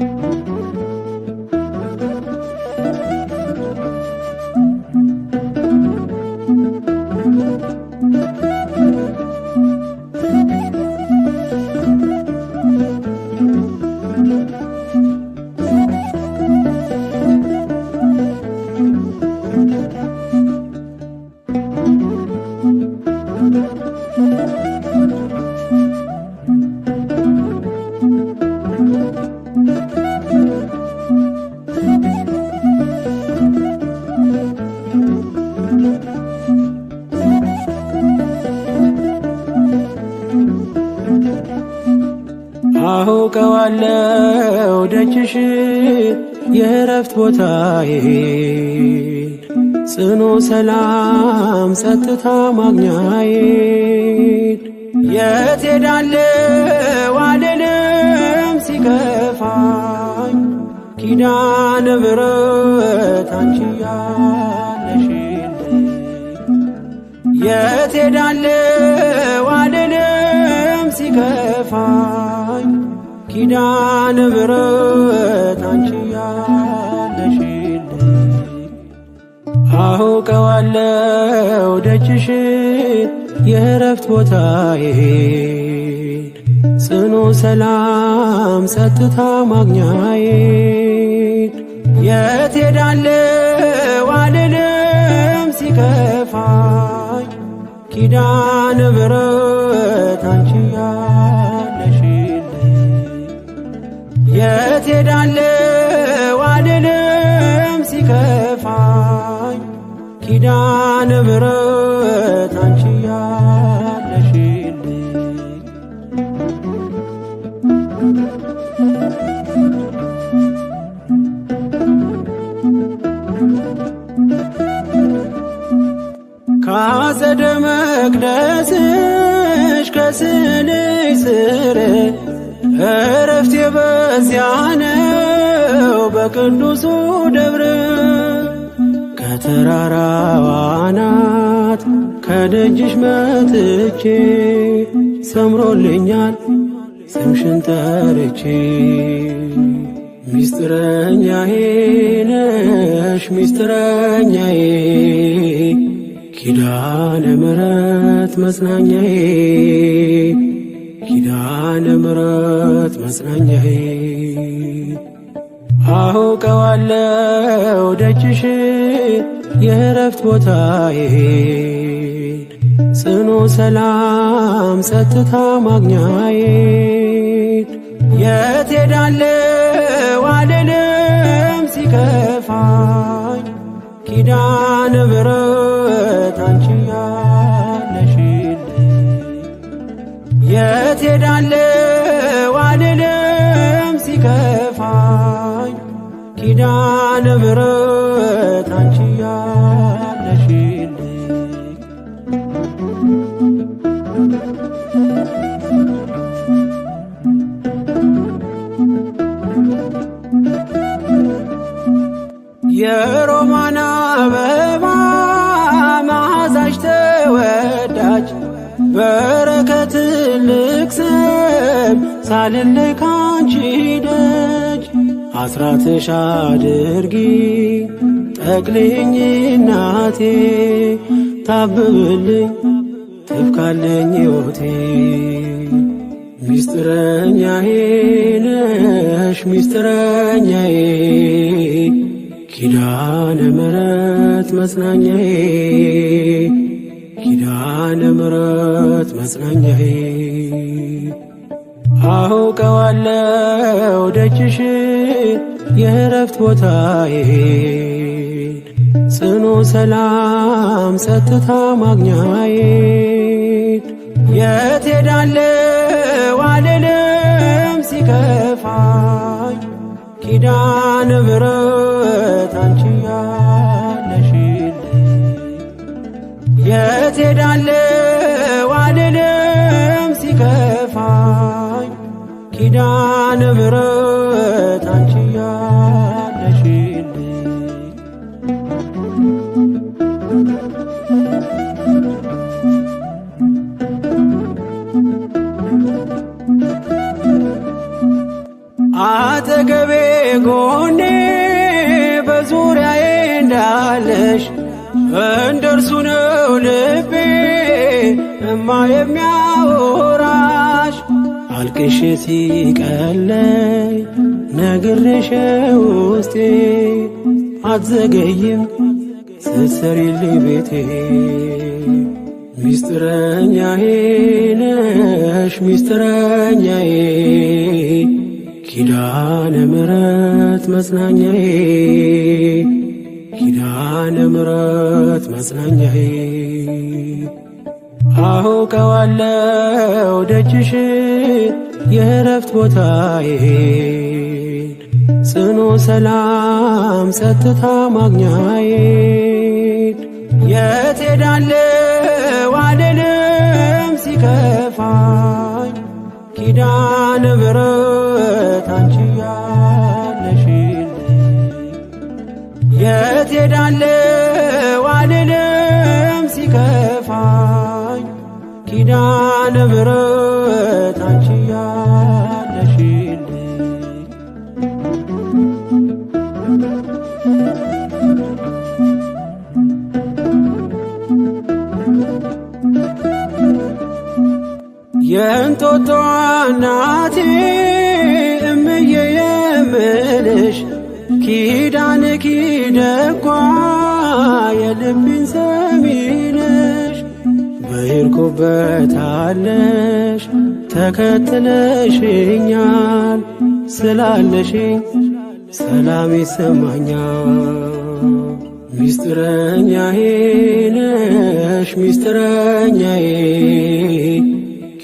you. የእረፍት ቦታዬ ጽኑ ሰላም ጸጥታ ማግኛዬን የት ሄዳለሁ አልልም ሲከፋኝ ኪዳነ ምሕረት አንቺ ያለሽልኝ የት ሄዳለሁ አልልም ሲከፋኝ ኪዳነ ምሕረት አውቀዋለው ደጅሽን የእረፍት ቦታዬን ጽኑ ሰላም ጸጥታ ማግኛዬን የት ሄዳለው አልልም ሲከፋኝ ኪዳነ ምሕረት አንቺ ያለሽልኝ የት ሄዳለው አልልም ሲከፋኝ ኪዳነ ምሕረት አንቺ ያለሽልኝ ካጸደ መቅደስሽ ከስንሽ ስር እረፍቴ በዚያ ነው በቅዱሱ ደብረ ተራራዋ ናት ከደጅሽ መጥቼ ሰምሮልኛል ስምሽን ጠርቼ ሚስጥረኛዬ ነሽ ሚስጥረኛዬ ኪዳነ ምሕረት መጽናኛዬ ኪዳነ ምሕረት መጽናኛዬ አውቀዋለው ደጅሽ የእረፍት ቦታዬ ጽኑ ሰላም ጸጥታ ማግኛዬ የት ሄዳለሁ አልልም ሲከፋኝ ኪዳነ ምሕረት አንቺ ያለሽልኝ የት ሄዳለሁ አልልም ሲከፋኝ ኪዳነ ምሕረት አንቺ አልለይ ካንቺ ደጅ አስራትሽ አድርጊ ጠቅልኝ እናቴ ታብብልኝ ትብካለኝ ሕይወቴ ሚስጥረኛዬ ነሽ ሚስጥረኛዬ ኪዳነ ምሕረት መጽናኛዬ ኪዳነ ምሕረት መጽናኛዬ አውቀዋለው ደጅሽ የእረፍት ቦታዬ ጽኑ ሰላም ጸጥታ ማግኛዬ የት ሄዳለው አልልም ሲከፋኝ ኪዳነ ምሕረት ኪዳነ ምሕረት ፍቅርሽ ሲቀለይ ነግሬሽ ውስጤ አትዘገይም ስትሰሪልኝ ቤቴ ሚስጥረኛዬ ነሽ ሚስጥረኛዬ ኪዳነ ምሕረት መጽናኛዬ ኪዳነ ምሕረት መጽናኛዬ አውቀዋለው ደጅሽ የእረፍት ቦታዬን ጽኑ ሰላም ጸጥታ ማግኛዬን የት ሄዳለሁ አልልም ሲከፋኝ ኪዳነ ምሕረት አንቺ ያለሽልኝ የት ሄዳለሁ አልልም ሲከፋኝ ኪዳነ ምሕረት መቷ እናቴ እምዬ የምልሽ ኪዳን ኪደጓ የልቤን ሰሚነሽ በሄድኩበት ተከትለሽኛል ስላለሽኝ ሰላም ይሰማኛል። ሚስጥረኛዬ ነሽ ሚስጥረኛዬ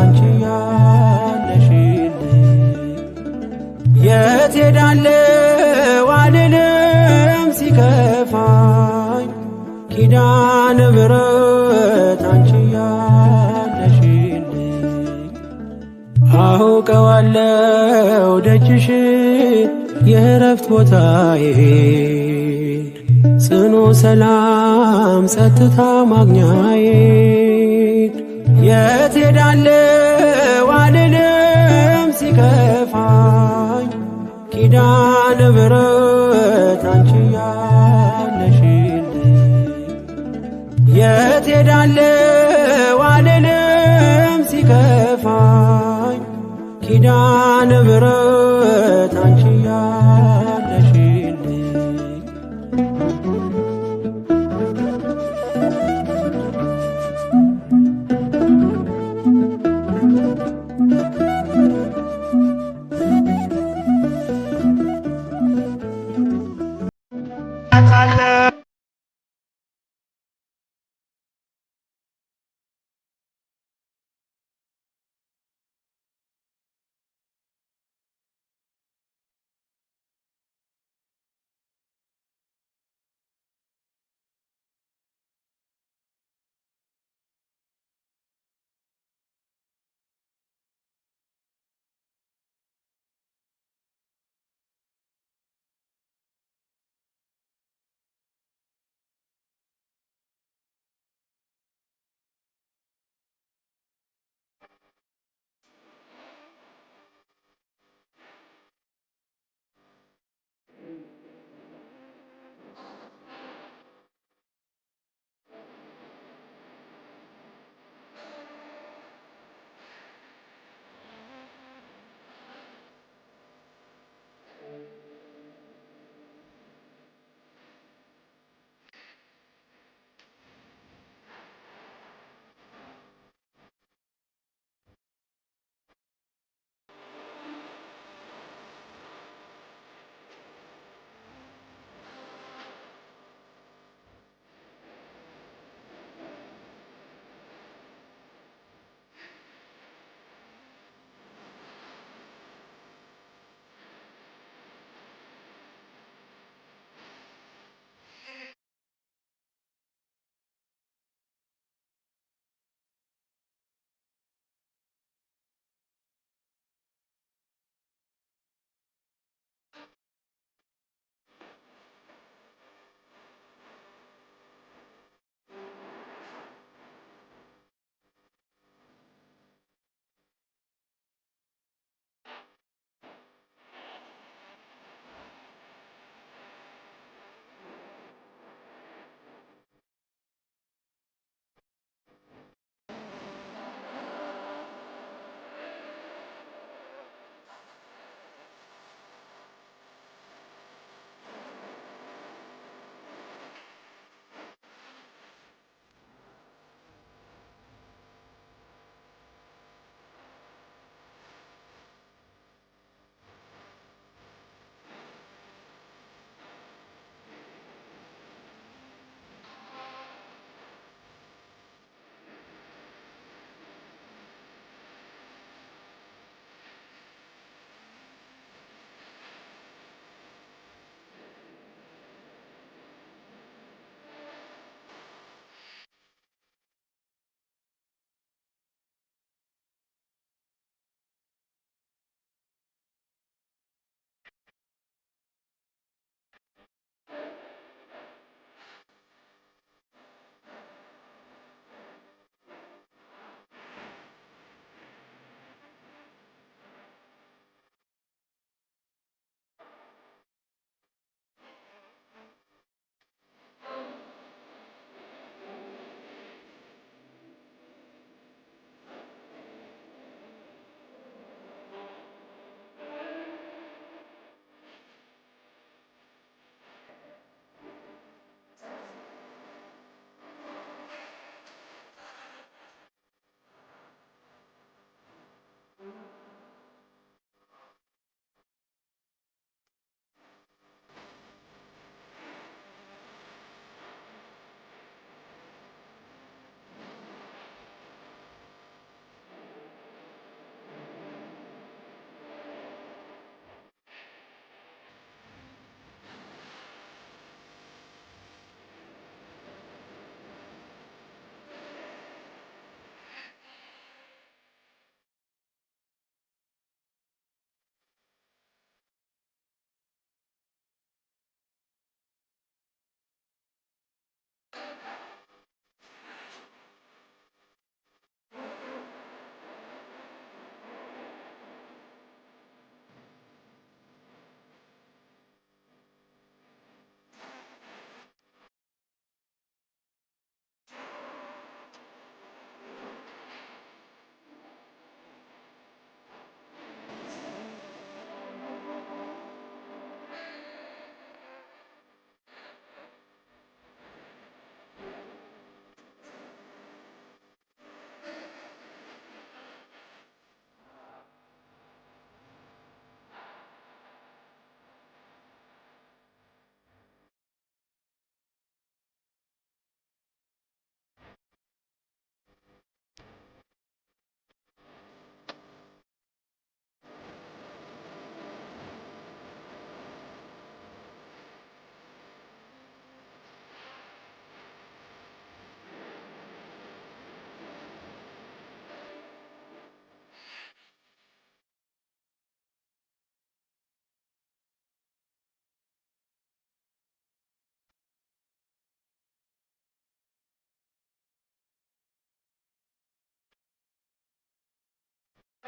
አንቺ ያለሽልኝ የት ሄዳለሁ አልልም ሲከፋኝ ኪዳነ ምሕረት አንቺ ያለሽልኝ አውቀዋለሁ ደጅሽ የእረፍት ቦታዬ ጽኑ ሰላም ጸጥታ ማግኛዬ የት ሄዳለሁ አልልም ሲከፋኝ ኪዳነ ምሕረት አንቺ ያለሽልኝ የት ሄዳለሁ አልልም ሲከፋኝ ኪዳነ ምሕረት አንቺ